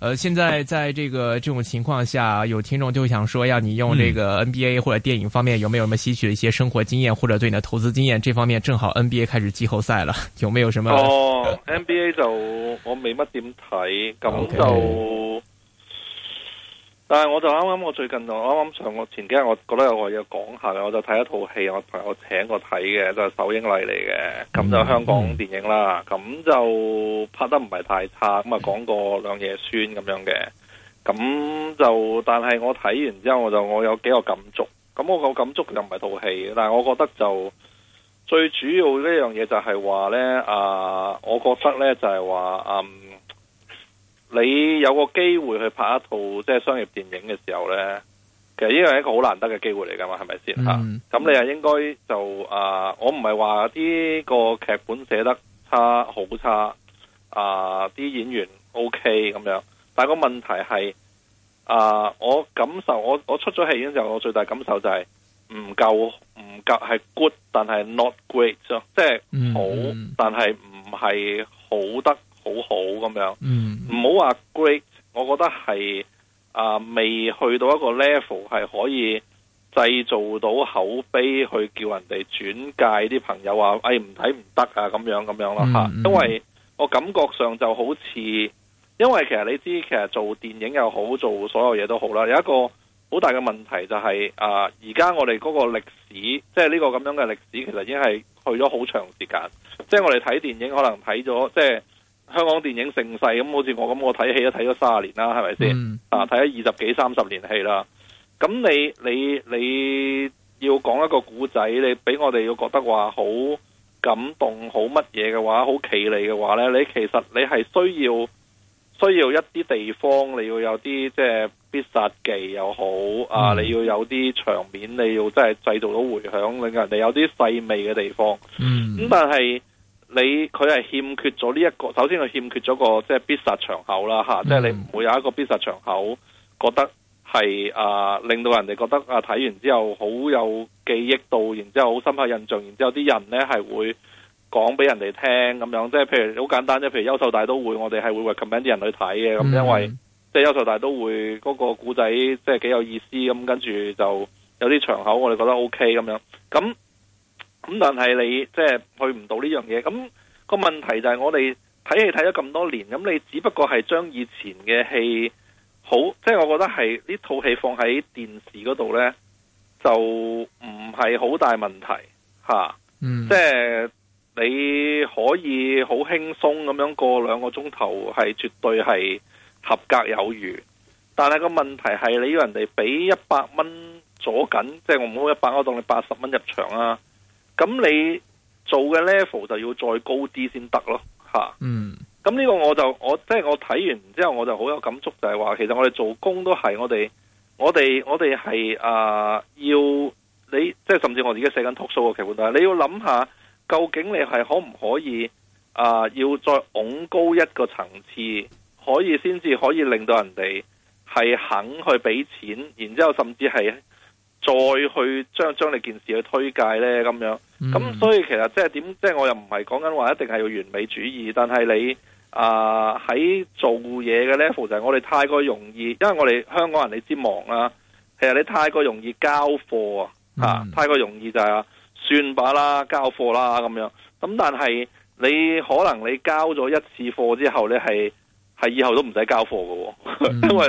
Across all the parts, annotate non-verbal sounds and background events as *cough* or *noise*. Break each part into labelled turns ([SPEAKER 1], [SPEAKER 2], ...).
[SPEAKER 1] 呃，現在在這個這種情況下，有聽眾就想說，要你用這個 NBA 或者電影方面，有沒有什麼吸取一些生活經驗，或者對你的投資經驗這方面，正好 NBA 開始季後賽了，有沒有什麼？
[SPEAKER 2] 哦 *laughs* ，NBA 就我沒乜點睇，咁就。Okay. 但係我就啱啱我最近就啱啱上我剛剛前幾日我覺得有個嘢講下嘅，我就睇一套戲，我朋友請我睇嘅，就係、是《首映禮》嚟嘅，咁就香港電影啦，咁、嗯、就拍得唔係太差，咁啊、嗯、講個兩爺孫咁樣嘅，咁就但係我睇完之後我就我有幾個感觸，咁我個感觸又唔係套戲，但係我覺得就最主要呢樣嘢就係話呢。啊、呃，我覺得呢就係話嗯。你有個機會去拍一套即係商業電影嘅時候咧，其實呢個係一個好難得嘅機會嚟噶嘛，係咪先
[SPEAKER 3] 吓？咁、mm hmm. 啊、你又
[SPEAKER 2] 應該就啊、呃，我唔係話啲個劇本寫得差好差啊，啲、呃、演員 OK 咁樣，但係個問題係啊、呃，我感受我我出咗戲院嘅時候，我最大感受就係唔夠唔夠係 good，但係 not great 啫，即係好但係唔係好得。好好咁
[SPEAKER 3] 樣，
[SPEAKER 2] 唔好話 great，我覺得係啊、呃、未去到一個 level 係可以製造到口碑去叫人哋轉介啲朋友話，哎唔睇唔得啊咁樣咁樣咯吓，啊嗯嗯、因為我感覺上就好似，因為其實你知，其實做電影又好，做所有嘢都好啦，有一個好大嘅問題就係、是、啊，而、呃、家我哋嗰個歷史，即係呢個咁樣嘅歷史，其實已經係去咗好長時間，即係我哋睇電影可能睇咗，即係。香港電影盛世咁，好似我咁，我睇戲都睇咗三十年啦，係咪先？嗯、啊，睇咗二十幾、三十年戲啦。咁你你你要講一個古仔，你俾我哋要覺得話好感動、好乜嘢嘅話，好企理嘅話咧，你其實你係需要需要一啲地方，你要有啲即係必殺技又好、嗯、啊，你要有啲場面，你要真係製造到回響，令人哋有啲細味嘅地方。
[SPEAKER 3] 嗯，咁、嗯、但
[SPEAKER 2] 係。你佢係欠缺咗呢一個，首先佢欠缺咗個即係必殺場口啦嚇、啊，即係你唔會有一個必殺場口，覺得係啊、呃、令到人哋覺得啊睇完之後好有記憶度，然之後好深刻印象，然之後啲人咧係會講俾人哋聽咁樣，即係譬如好簡單啫，譬如優秀大都會，我哋係會 recommend 啲人去睇嘅。咁因為、嗯、即係優秀大都會嗰個故仔即係幾有意思，咁跟住就有啲場口我哋覺得 OK 咁樣，咁。咁但係你即係、就是去唔到呢樣嘢，咁、嗯，那個問題就係我哋睇戲睇咗咁多年，咁你只不過係將以前嘅戲好，即、就、係、是、我覺得係呢套戲放喺電視嗰度呢，就唔係好大問題吓。即、啊、係、嗯、你可以好輕鬆咁樣過兩個鐘頭，係絕對係合格有餘。但係個問題係你要人哋畀一百蚊左緊，即、就、係、是、我唔好一百，我當你八十蚊入場啊。咁你做嘅 level 就要再高啲先得咯，吓。
[SPEAKER 3] 嗯。
[SPEAKER 2] 咁呢個我就我即係我睇完之後我就好有感觸就，就係話其實我哋做工都係我哋我哋我哋係啊要你即係甚至我哋而家寫緊 talk show 嘅劇本，但係你要諗下究竟你係可唔可以啊、呃、要再拱高一個層次，可以先至可以令到人哋係肯去俾錢，然之後甚至係。再去將將呢件事去推介呢，咁樣，咁、嗯、所以其實即係點？即係我又唔係講緊話一定係要完美主義，但係你啊喺、呃、做嘢嘅 level，就係我哋太過容易，因為我哋香港人你知忙啊，其實你太過容易交貨啊，嚇、嗯啊、太過容易就係算把啦，交貨啦咁樣。咁但係你可能你交咗一次貨之後，你係係以後都唔使交貨嘅、啊，嗯、 *laughs* 因為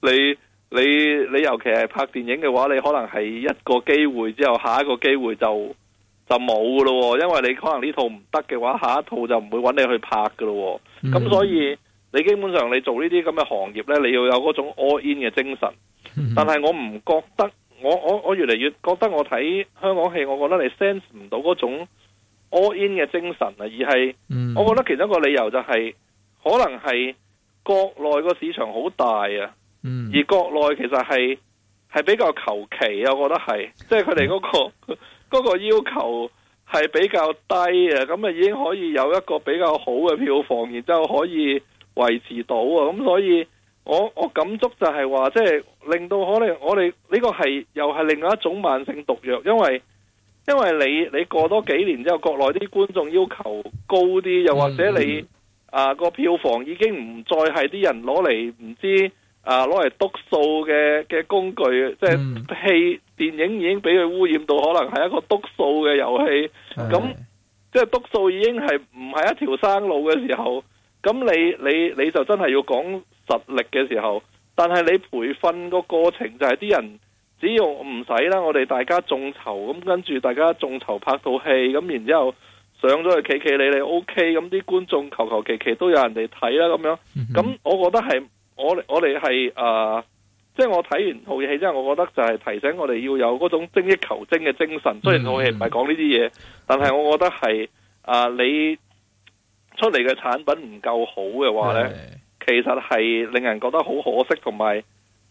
[SPEAKER 2] 你你。你你你尤其係拍電影嘅話，你可能係一個機會之後下一個機會就就冇咯、哦，因為你可能呢套唔得嘅話，下一套就唔會揾你去拍噶咯、哦。咁、mm hmm. 所以你基本上你做呢啲咁嘅行業呢，你要有嗰種 all in 嘅精神。但係我唔覺得，我我我越嚟越覺得我睇香港戲，我覺得你 sense 唔到嗰種 all in 嘅精神啊，而係，mm hmm. 我覺得其中一個理由就係、是、可能係國內個市場好大啊。而國內其實係係比較求其，啊，我覺得係，即係佢哋嗰個、嗰個要求係比較低嘅，咁啊已經可以有一個比較好嘅票房，然之後可以維持到啊，咁所以我我感觸就係話，即係令到可能我哋呢個係又係另外一種慢性毒藥，因為因為你你過多幾年之後，國內啲觀眾要求高啲，又或者你嗯嗯啊個票房已經唔再係啲人攞嚟，唔知。啊！攞嚟篤數嘅嘅工具，即係戲電影已經俾佢污染到，可能係一個篤數嘅遊戲。咁即係篤數已經係唔係一條生路嘅時候，咁你你你就真係要講實力嘅時候。但係你培訓個過程就係啲人只要唔使啦，我哋大家眾籌咁，跟住大家眾籌拍套戲咁，然之後上咗去企企你你 OK，咁啲觀眾求求其其都有人哋睇啦咁樣。咁我覺得係。我哋，我哋係誒，即係我睇完套戲，之後我覺得就係提醒我哋要有嗰種精益求精嘅精神。嗯、雖然套戲唔係講呢啲嘢，但係我覺得係誒、呃，你出嚟嘅產品唔夠好嘅話呢，是其實係令人覺得好可惜，同埋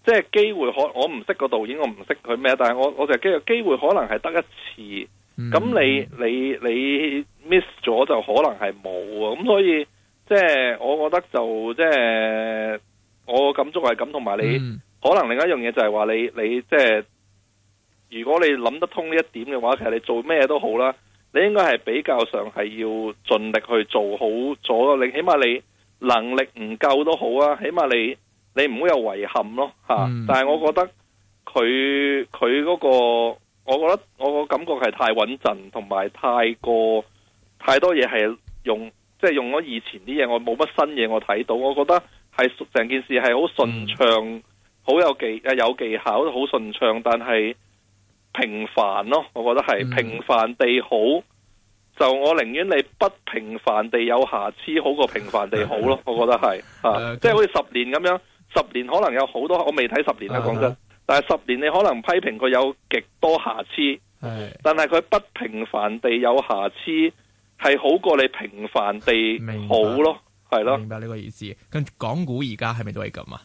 [SPEAKER 2] 即係機會可我唔識個導演，我唔識佢咩，但係我我就機機會可能係得一次，咁、嗯、你你,你 miss 咗就可能係冇啊。咁所以即係我覺得就即係。我感觸係咁，同埋你、嗯、可能另一樣嘢就係話，你你即係如果你諗得通呢一點嘅話，其實你做咩都好啦。你應該係比較上係要盡力去做好咗，你起碼你能力唔夠都好啊，起碼你你唔會有遺憾咯嚇。嗯、但係我覺得佢佢嗰個，我覺得我個感覺係太穩陣同埋太過太多嘢係用，即係用咗以前啲嘢，我冇乜新嘢我睇到，我覺得。係成件事係好順暢，好、嗯、有技啊有技巧好順暢，但係平凡咯，我覺得係、嗯、平凡地好。就我寧願你不平凡地有瑕疵，好過平凡地好咯。嗯、我覺得係、嗯、啊，即係好似十年咁樣，十年可能有好多我未睇十年啦，講真、嗯。但係十年你可能批評佢有極多瑕疵，係、嗯，但係佢不平凡地有瑕疵，係好過你平凡地好咯。係咯，
[SPEAKER 1] 明白呢個意思。跟住港股而家係咪都係咁啊？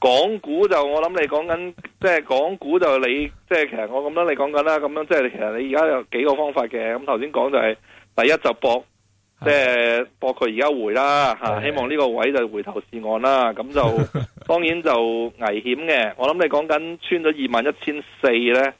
[SPEAKER 2] 港股就我諗你講緊，即係港股就你，即係其實我咁樣你講緊啦。咁樣即係其實你而家有幾個方法嘅。咁頭先講就係、是、第一就博，即係博佢而家回啦吓，希望呢個位就回頭是岸啦。咁就當然就危險嘅。 *laughs* 我諗你講緊穿咗二萬一千四咧，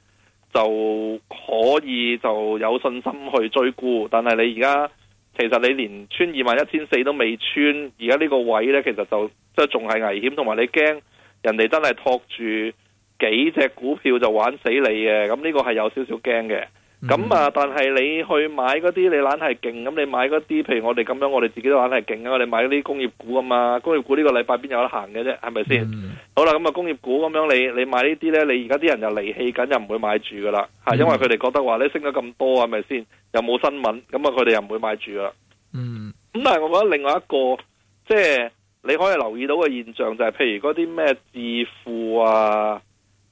[SPEAKER 2] 就可以就有信心去追股。但係你而家。其實你連穿二萬一千四都未穿，而家呢個位呢，其實就即係仲係危險，同埋你驚人哋真係托住幾隻股票就玩死你嘅，咁呢個係有少少驚嘅。咁啊！嗯、但係你去買嗰啲，你懶係勁咁，你買嗰啲，譬如我哋咁樣，我哋自己都懶係勁啊！我哋買嗰啲工業股啊嘛，工業股呢個禮拜邊有得行嘅啫？係咪先？嗯、好啦，咁、嗯、啊、嗯、工業股咁樣，你你買呢啲咧，你而家啲人離又離棄緊，又唔會買住噶啦，吓，因為佢哋覺得話你升咗咁多啊，係咪先？又冇新聞，咁啊佢哋又唔會買住噶啦。嗯。咁但係我覺得另外一個，即係你可以留意到嘅現象就係、是，譬如嗰啲咩自負啊。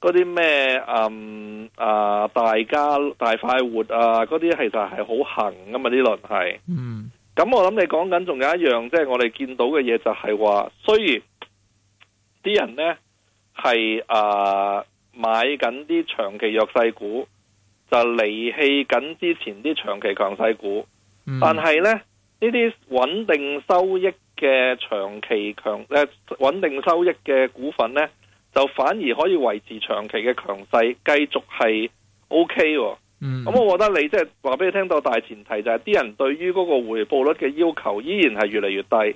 [SPEAKER 2] 嗰啲咩誒誒，大家大快活啊！嗰啲其實係好行噶嘛？呢輪係，咁、嗯、我諗你講緊仲有一樣，即、就、係、是、我哋見到嘅嘢就係話，雖然啲人呢係誒、啊、買緊啲長期弱勢股，就離棄緊之前啲長期強勢股，
[SPEAKER 3] 嗯、但係
[SPEAKER 2] 呢，呢啲穩定收益嘅長期強誒、呃，穩定收益嘅股份呢。就反而可以維持長期嘅強勢，繼續係 OK。咁、mm hmm。嗯、我覺得你即係話俾你聽到，大前提就係、是、啲人對於嗰個回報率嘅要求依然係越嚟越低。咁、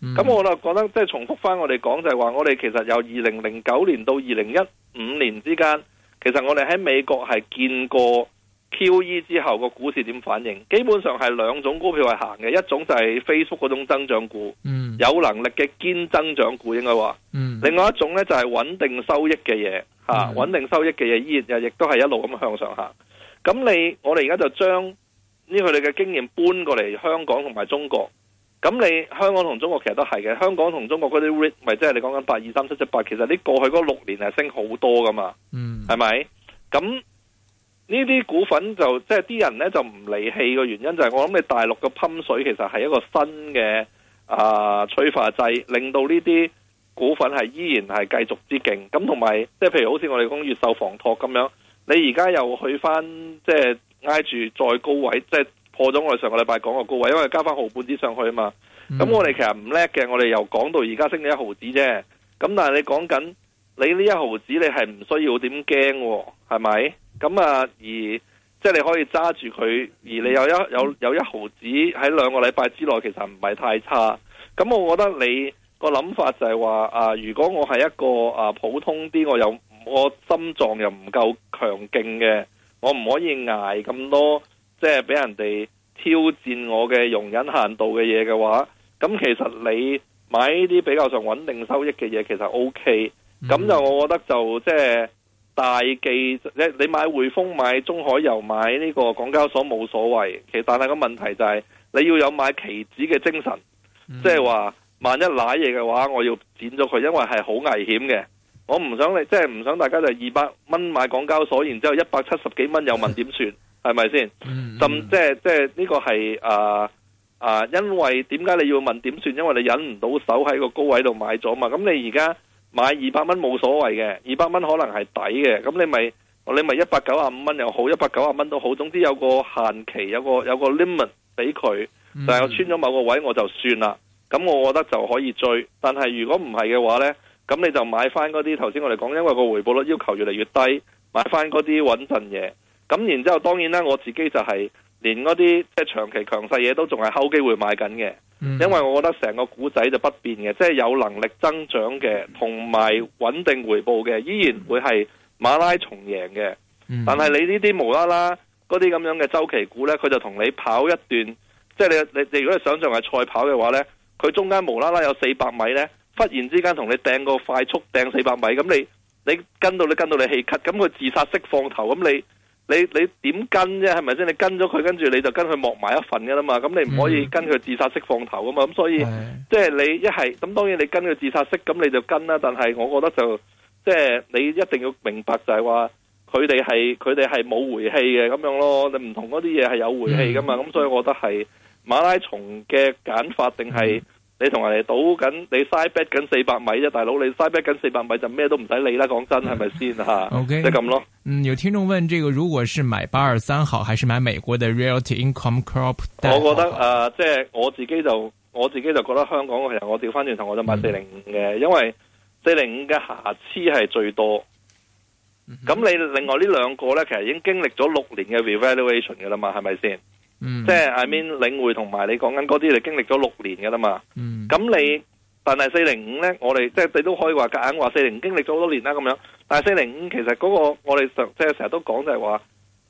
[SPEAKER 2] mm hmm。嗯、我就覺得即係重複翻我哋講就係話，我哋其實由二零零九年到二零一五年之間，其實我哋喺美國係見過。Q.E 之後個股市點反應？基本上係兩種股票係行嘅，一種就係 Facebook 嗰種增長股，
[SPEAKER 3] 嗯、
[SPEAKER 2] 有能力嘅堅增長股應該話。嗯、另外一種咧就係、是、穩定收益嘅嘢，吓、啊、穩、嗯、定收益嘅嘢依然亦都係一路咁向上行。咁你我哋而家就將呢佢哋嘅經驗搬過嚟香港同埋中國。咁你香港同中國其實都係嘅，香港同中國嗰啲 rate 咪即係你講緊八二三七七八，其實你過去嗰六年係升好多噶嘛？係咪咁？是呢啲股份就即係啲人咧就唔離棄嘅原因就係、是、我諗你大陸嘅噴水其實係一個新嘅啊催化劑，令到呢啲股份係依然係繼續之勁咁，同埋即係譬如好似我哋講越秀房託咁樣，你而家又去翻即係挨住再高位，即係破咗我哋上個禮拜講個高位，因為加翻毫半子上去啊嘛。咁、嗯、我哋其實唔叻嘅，我哋又講到而家升咗一毫子啫。咁但係你講緊你呢一毫子，你係唔需要點驚係咪？咁啊，而即係你可以揸住佢，而你有一有有一毫子喺兩個禮拜之內，其實唔係太差。咁我覺得你個諗法就係話啊，如果我係一個啊普通啲，我又我心臟又唔夠強勁嘅，我唔可以挨咁多，即係俾人哋挑戰我嘅容忍限度嘅嘢嘅話，咁其實你買呢啲比較上穩定收益嘅嘢，其實 OK，嗯。咁就我覺得就即係。大忌，你你買匯豐、買中海油、買呢個港交所冇所謂，其實但係個問題就係，是，你要有買期指嘅精神，即係話萬一瀨嘢嘅話，我要剪咗佢，因為係好危險嘅。我唔想你，即係唔想大家就二百蚊買港交所，然之後一百七十幾蚊又問點算，係咪先？甚即係即係呢個係啊啊！因為點解你要問點算？因為你忍唔到手喺個高位度買咗嘛。咁、嗯、你而家？買二百蚊冇所謂嘅，二百蚊可能係抵嘅，咁你咪，你咪一百九啊五蚊又好，一百九啊蚊都好，總之有個限期，有個有個 limit 俾佢，但係我穿咗某個位我就算啦，咁我覺得就可以追，但係如果唔係嘅話呢，咁你就買翻嗰啲頭先我哋講，因為個回報率要求越嚟越低，買翻嗰啲穩陣嘢，咁然之後當然啦，我自己就係。連嗰啲即係長期強勢嘢都仲係睺機會買緊嘅，因為我覺得成個股仔就不變嘅，即係有能力增長嘅，同埋穩定回報嘅，依然會係馬拉松贏嘅。嗯、但係你呢啲無啦啦嗰啲咁樣嘅周期股呢，佢就同你跑一段，即係你你，你如果你想象係賽跑嘅話呢，佢中間無啦啦有四百米呢，忽然之間同你掟個快速掟四百米，咁你你，你跟到你跟到你氣咳，咁佢自殺式放頭，咁你。你你點跟啫？係咪先？你跟咗佢，跟住你就跟佢剝埋一份嘅啦嘛。咁你唔可以跟佢自殺式放頭㗎嘛。咁所以的即係你一係咁，當然你跟佢自殺式，咁你就跟啦。但係我覺得就即係你一定要明白就係話，佢哋係佢哋係冇回氣嘅咁樣咯。你唔同嗰啲嘢係有回氣噶嘛。咁的所以我覺得係馬拉松嘅揀法定係。你同人哋賭緊，你 side bet 緊四百米啫，大佬你 side bet 緊四百米就咩都唔使理啦，講真係咪先吓
[SPEAKER 1] ？O K，即係咁咯。Okay. 啊、嗯，有聽眾問、這個，呢個如果是買八二三好，還是買美國的 Realty Income Corp？r 我覺得
[SPEAKER 2] 誒，即、呃、係、就是、我自己就我自己就覺得香港其實我調翻轉頭我就買四零五嘅，嗯、因為四零五嘅瑕疵係最多。咁、嗯、哼你另外呢兩個呢，其實已經經歷咗六年嘅 revaluation 噶啦嘛，係咪先？Mm hmm. 即係 I mean 領會同埋你講緊嗰啲，你經歷咗六年嘅啦嘛。咁、mm hmm. 你但係四零五咧，我哋即係你都可以話夾硬話四零五經歷咗好多年啦。咁樣，但係四零五其實嗰、嗰個我哋上即係成日都講就係話，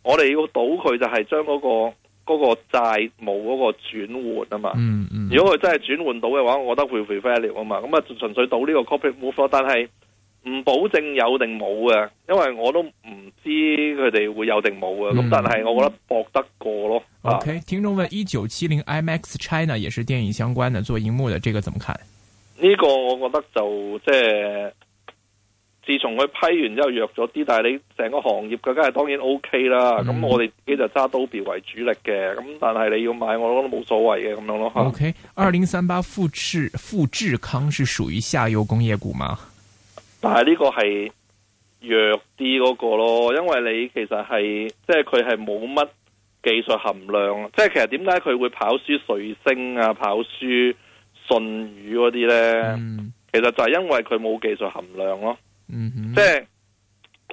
[SPEAKER 2] 我哋要賭佢就係將嗰個嗰個債務嗰個轉換啊嘛。如果佢真係轉換到嘅話，我覺得會非常之好啊嘛。咁啊，純粹賭呢個 copy move for, 但係。唔保證有定冇嘅，因為我都唔知佢哋會有定冇嘅。咁、嗯、但係我覺得搏得過咯。
[SPEAKER 1] OK，、啊、聽眾問：一九七零 IMAX China 也是電影相關的，做熒幕的，這個怎麼看？
[SPEAKER 2] 呢個我覺得就即係、呃，自從佢批完之後弱咗啲，但係你成個行業嘅梗係當然 OK 啦。咁、嗯嗯、我哋自己就揸刀片為主力嘅。咁但係你要買，我諗都冇所謂嘅。咁咯，吓、okay,。OK，
[SPEAKER 1] 二零三八富智富智康是屬於下游工業股嗎？
[SPEAKER 2] 但係呢個係弱啲嗰個咯，因為你其實係即係佢係冇乜技術含量，即係其實點解佢會跑輸瑞聲啊，跑輸舜宇嗰啲呢？嗯、其實就係因為佢冇技術含量咯，嗯、哼即係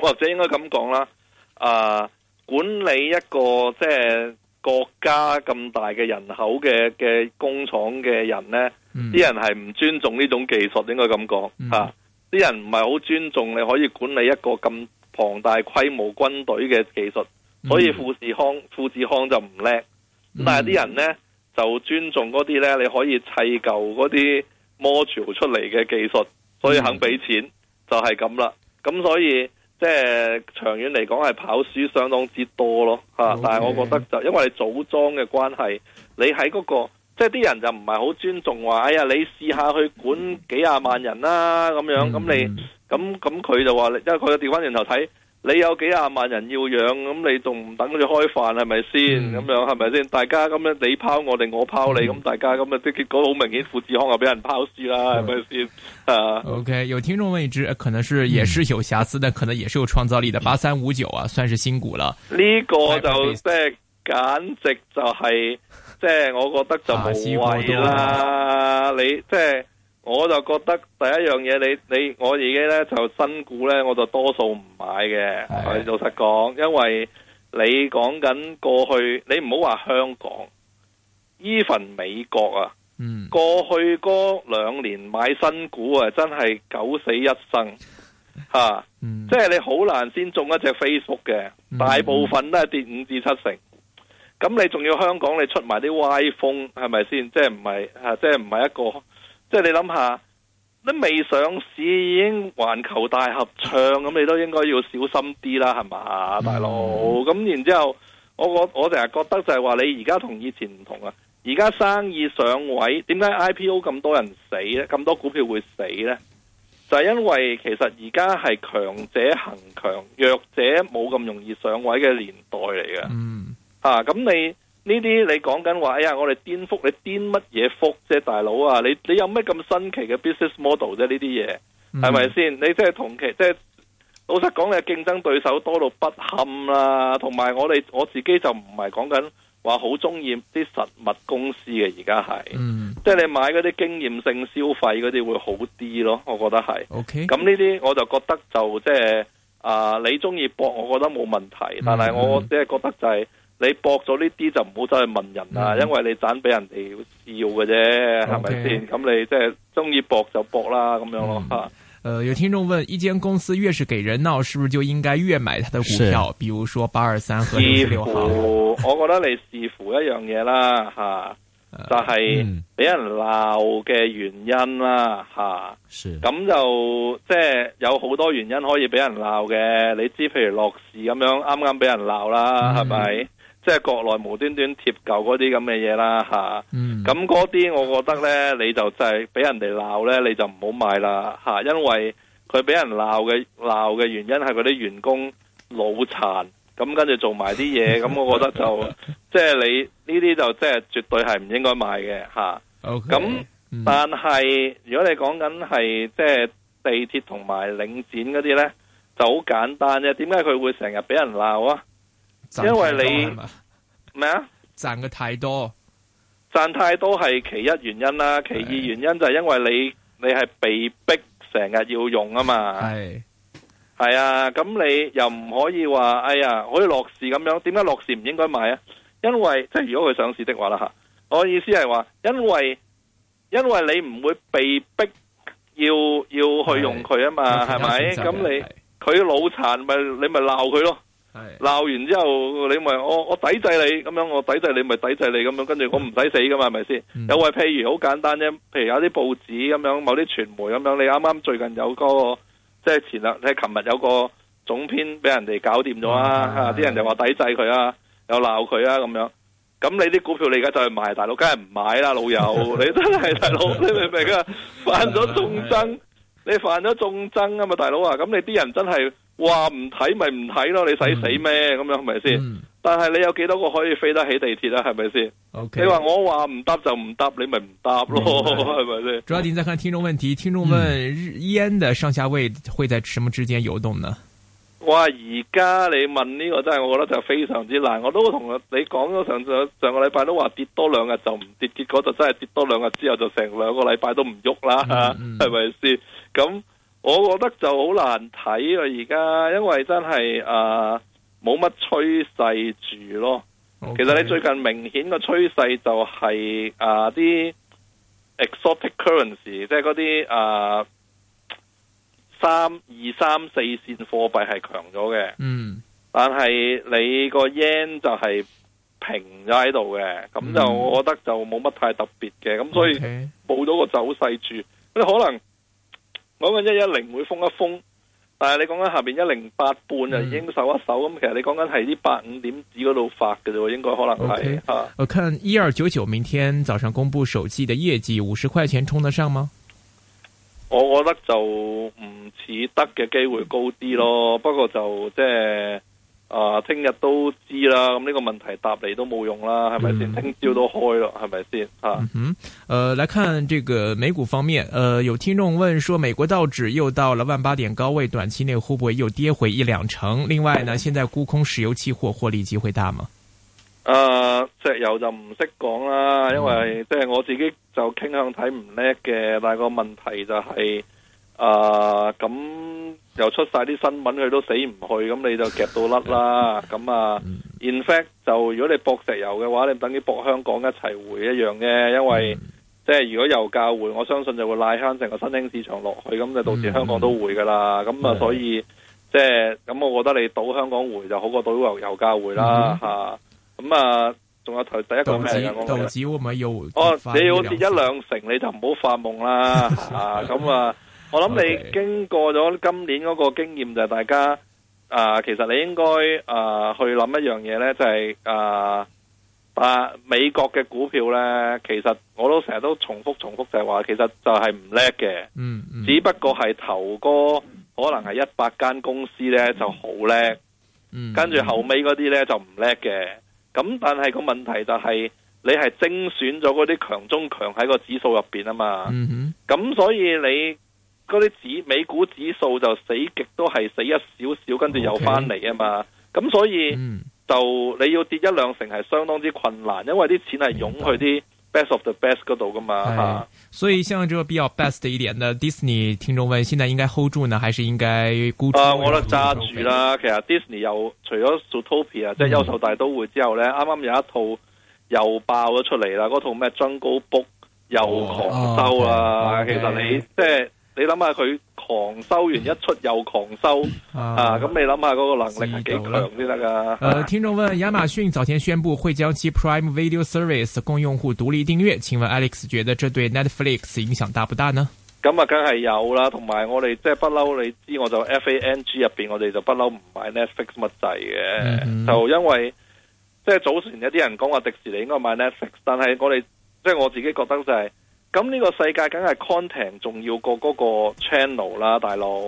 [SPEAKER 2] 或者應該咁講啦。啊、呃，管理一個即係國家咁大嘅人口嘅嘅工廠嘅人呢，啲、嗯、人係唔尊重呢種技術，應該咁講吓。嗯嗯啲人唔係好尊重你可以管理一個咁龐大規模軍隊嘅技術，所以富士康，富士康就唔叻。但係啲人咧就尊重嗰啲咧，你可以砌舊嗰啲模組出嚟嘅技術，所以肯俾錢就係咁啦。咁所以即係、就是、長遠嚟講係跑輸相當之多咯吓，但係我覺得就因為你組裝嘅關係，你喺嗰、那個。即係啲人就唔係好尊重話，哎呀，你試下去管幾廿萬人啦咁樣，咁你咁咁佢就話，因為佢調翻轉頭睇，你有幾廿萬人要養，咁你仲唔等佢開飯係咪先？咁樣係咪先？大家咁樣你拋我，定我拋你？咁、嗯、大家咁啊，即結果好明顯，富士康又俾人拋售啦，係咪先？
[SPEAKER 1] 啊，OK，有聽眾位置，可能是也是有瑕疵，但可能也是有創造力的八三五九啊，算是新股啦。
[SPEAKER 2] 呢個就即係最 簡直就係、是。即係我覺得就無謂啦，你即係我就覺得第一樣嘢你你我自己咧，就新股咧，我就多數唔買嘅，的老實講，因為你講緊過去，你唔好話香港，even 美國啊，嗯、過去嗰兩年買新股啊真係九死一生，吓，嗯、即係你好難先中一隻 Facebook 嘅，大部分都係跌五至七成。咁你仲要香港，你出埋啲歪風，係咪先？即係唔係即係唔係一個？即係你諗下，都未上市已經環球大合唱，咁你都應該要小心啲啦，係嘛，大佬、嗯？咁然之後，我我成日覺得就係話你而家同以前唔同啊。而家生意上位，點解 IPO 咁多人死呢？咁多股票會死呢？就係、是、因為其實而家係強者恆強，弱者冇咁容易上位嘅年代嚟嘅。嗯啊，咁你呢啲你講緊話哎呀，我哋顛覆你顛乜嘢覆啫大佬啊，你你有咩咁新奇嘅 business model 啫？呢啲嘢係咪先？你即係同期即係、就是、老實講你嘅競爭對手多到不堪啦、啊，同埋我哋我自己就唔係講緊話好中意啲實物公司嘅而家係，即係、嗯、你買嗰啲經驗性消費嗰啲會好啲咯，我覺得係。ok，咁呢啲我就覺得就即係啊你中意搏我覺得冇問題，嗯、但係我即係覺得就係、是。你博咗呢啲就唔好再去問人啦，嗯、因為你盞俾人哋笑嘅啫，係咪先？咁你即係中意博就博啦，咁樣咯。
[SPEAKER 1] 誒，有聽眾問：一間公司越是給人鬧，是不是就應該越買他的股票？是比如說八二三和六十六號。視
[SPEAKER 2] 乎，我覺得你視乎一樣嘢啦，嚇， *laughs* 就係俾人鬧嘅原因啦，嚇、嗯。咁、啊嗯、就即係、就是、有好多原因可以俾人鬧嘅。你知譬如樂視咁樣，啱啱俾人鬧啦，係咪、嗯？即係國內無端端貼舊嗰啲咁嘅嘢啦，吓、啊，咁嗰啲我覺得呢，你就真係俾人哋鬧呢，你就唔好買啦，吓、啊，因為佢俾人鬧嘅鬧嘅原因係佢啲員工腦殘，咁跟住做埋啲嘢，咁、 *laughs* 嗯、我覺得就即係、就是、你呢啲就即係絕對係唔應該買嘅，吓、啊。咁 Okay,、嗯、但係如果你講緊係即係地鐵同埋領展嗰啲呢，就好簡單啫。點解佢會成日俾人鬧啊？因為你咩啊？
[SPEAKER 1] 賺嘅太多，
[SPEAKER 2] 賺麼太多係其一原因啦，其二原因就係因為你你係被逼成日要用啊嘛，係係是啊，咁你又唔可以話哎呀可以落市咁樣？點解落市唔應該買啊？因為即係如果佢上市的話啦吓，我意思係話因為因為你唔會被逼要要去用佢啊嘛，係咪是？咁你佢腦殘咪你咪鬧佢咯？鬧完之後，你咪我我抵制你咁樣，我抵制你咪抵制你咁樣，跟住我唔使死噶嘛，係咪先？有位譬如好簡單啫，譬如有啲報紙咁樣，某啲傳媒咁樣，你啱啱最近有個即係前日，你琴日有個總編俾人哋搞掂咗啊，啲人就話抵制佢啊，又鬧佢啊咁樣。咁你啲股票你而家就去賣，大佬梗係唔買啦，老友，你真係大佬，你明唔明啊？犯咗眾憎，你犯咗眾憎啊嘛，大佬啊，咁你啲人真係。話唔睇咪唔睇咯，你使死咩咁樣係咪先？但係你有幾多個可以飛得起地鐵啊？係咪先？Okay. 你話我話唔搭就唔搭，你咪唔搭咯，係咪先？主要點
[SPEAKER 1] 你再看聽眾問題，聽眾問：煙的上下位會在什麼之間游動呢？
[SPEAKER 2] 嗯、哇！而家你問呢個真係，我覺得就非常之難。我都同你講咗上上上個禮拜都話跌多兩日就唔跌，結果就真係跌多兩日之後就成兩個禮拜都唔喐啦，係咪先？咁、嗯。是我覺得就好難睇啊！而家因為真係誒冇乜趨勢住咯。Okay. 其實你最近明顯個趨勢就係、是、誒啲、呃、exotic currency，即係嗰啲誒三二三四線貨幣係強咗嘅。嗯。但係你個 yen 就係平咗喺度嘅，咁、嗯、就我覺得就冇乜太特別嘅。咁 Okay. 所以冇咗個走勢住，可能。講緊一一零會封一封，但係你講緊下邊一零八半就已經守一守，咁、嗯、其實你講緊係啲百五點子嗰度發嘅啫，應該可能係吓。Okay.
[SPEAKER 1] 啊、我看一二九九明天早上公布首季嘅業績，五十塊錢衝得上嗎？
[SPEAKER 2] 我覺得就唔似得嘅機會高啲咯，嗯、不過就即係。就是啊，聽日、呃、都知啦，咁、這、呢個問題答你都冇用啦，係咪先？聽朝、嗯、都開咯，係咪先？吓、
[SPEAKER 1] 嗯，誒、呃，來看這個美股方面，誒、呃，有聽眾問說，美國道指又到了萬八點高位，短期內會不會又跌回一兩成？另外呢，現在沽空石油期貨獲利機會大嗎？誒、
[SPEAKER 2] 呃，石油就唔識講啦，因為即係我自己就傾向睇唔叻嘅，但係個問題就係、是。誒，咁、uh, 嗯、又出晒啲新聞，佢都死唔去，咁、嗯、你就夾到甩啦。咁、嗯、啊、 *laughs* 嗯、，in fact 就如果你搏石油嘅話，你唔等於搏香港一齊回一樣嘅，因為、嗯、即係如果油價回，我相信就會拉翻成個新興市場落去，咁就導致香港都回噶啦。咁啊，所以即係咁、嗯，我覺得你賭香港回就好過賭油油價回啦吓。咁、嗯、啊，仲、嗯嗯嗯嗯嗯嗯嗯、有台第一個咩？道指
[SPEAKER 1] 係咪要？哦，你要跌一
[SPEAKER 2] 兩成你就唔好發夢啦。啊，咁啊。我諗你經過咗今年嗰個經驗，就係、是、大家啊、呃，其實你應該啊、呃、去諗一樣嘢咧，就係啊啊美國嘅股票咧，其實我都成日都重複重複就係話，其實就係唔叻嘅，嗯嗯、只不過係投哥可能係一百間公司咧就好叻，跟住、嗯嗯、後尾嗰啲咧就唔叻嘅，咁但係個問題就係、是、你係精選咗嗰啲強中強喺個指數入邊啊嘛，咁、嗯嗯嗯、所以你。嗰啲指美股指數就死極都係死一少少，跟住又翻嚟啊嘛！咁所以就你要跌一兩成係相當之困難，因為啲錢係湧去啲 best of the best 嗰度噶嘛嚇。
[SPEAKER 1] 所以像呢個比較 best 一點嘅 Disney，聽眾問：現在應該 hold 住呢，還是應該沽？啊，我都揸住啦。
[SPEAKER 2] 其實 Disney 又除咗 Zootopia 啊，即係優獸大都會之後呢，啱啱有一套又爆咗出嚟啦。嗰套咩 Jungle Book 又狂收啦。其實你即係。你諗下佢狂收完、嗯、一出又狂收、嗯、啊！咁、啊、你諗下嗰個能力係幾強先得㗎？誒、嗯，聽
[SPEAKER 1] 眾問：亞馬遜早前宣布會將其 Prime Video Service 供用戶獨立訂閱，請問 Alex 覺得這對 Netflix 影響大不大呢？
[SPEAKER 2] 咁啊、嗯，梗係有啦。同、嗯、埋我哋即係不嬲，你知我就 FANG 入邊，我哋就不嬲唔買 Netflix 乜滯嘅。就因為即係早前一啲人講話迪士尼應該買 Netflix，但係我哋即係我自己覺得就係。咁呢個世界梗係 content 重要過個 channel 啦，大佬，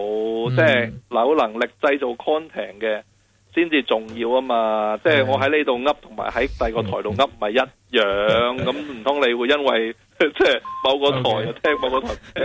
[SPEAKER 2] 即係有能力製造 content 嘅先至重要啊嘛！即係我喺呢度噏，同埋喺第個台度噏唔係一樣，咁唔通你會因為即係某個台又聽某個台聽。Okay.